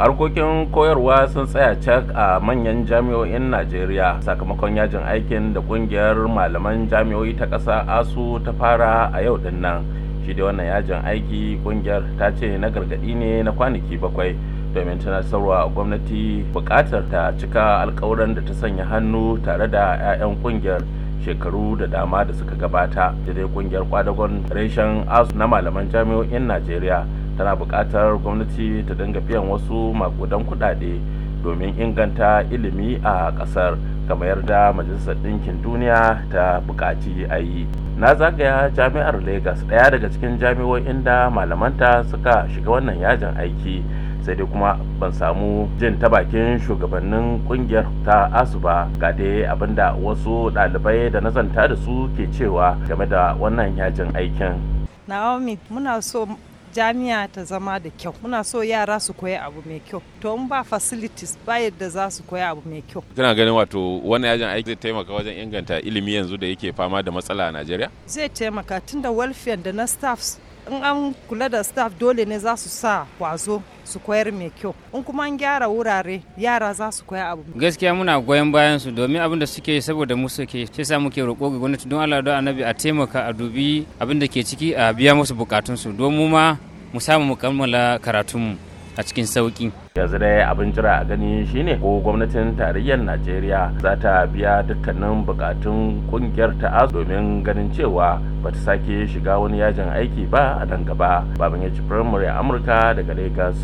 harkokin koyarwa sun tsaya cak a manyan jami'o'in najeriya sakamakon yajin aikin da kungiyar malaman jami'o'i ta ƙasa asu ta fara a yau din nan shi da wannan yajin aiki kungiyar ta ce na gargaɗi ne na kwanaki bakwai domin sarwa gwamnati buƙatar ta cika alƙawuran da ta sanya hannu tare da 'ya'yan kungiyar shekaru da dama da suka gabata da dai kungiyar kwadagon reshen asu na malaman jami'o'in najeriya tana buƙatar gwamnati ta dinga biyan wasu makudan kuɗaɗe domin inganta ilimi a ƙasar kamar yarda majalisar ɗinkin duniya ta buƙaci a yi na zagaya jami'ar lagos ɗaya daga cikin jami'o'in inda malamanta suka shiga wannan yajin aiki sai dai kuma ban samu jin ta bakin shugabannin kungiyar ta asu ba ga dai abinda wasu ɗalibai da nazanta da su ke cewa game da wannan yajin aikin naomi muna so jami'a ta zama da kyau muna so yara su koya abu mai kyau to in ba facilities ba yadda za su koya abu mai kyau kana ganin wato wani yajin aiki zai taimaka wajen inganta ilimi yanzu da yake fama da matsala a Najeriya zai taimaka tunda welfare da na staffs in an kula da staff dole ne za su sa kwazo su koyar mai kyau in kuma an gyara wurare yara za su koya abu gaskiya muna goyon bayan su domin abin da suke saboda mu suke sai sa muke roƙo ga gwamnati don Allah da Annabi a taimaka a dubi abin da ke ciki a biya musu bukatun su don mu ma mu samu mu kammala karatunmu. a cikin sauki. yanzu dai abin jira a gani shine ko gwamnatin tarayyar najeriya za ta biya dukkanin bukatun kungiyar ta domin ganin cewa ba ta sake shiga wani yajin aiki ba a nan gaba babin ya ci firamare amurka daga lagos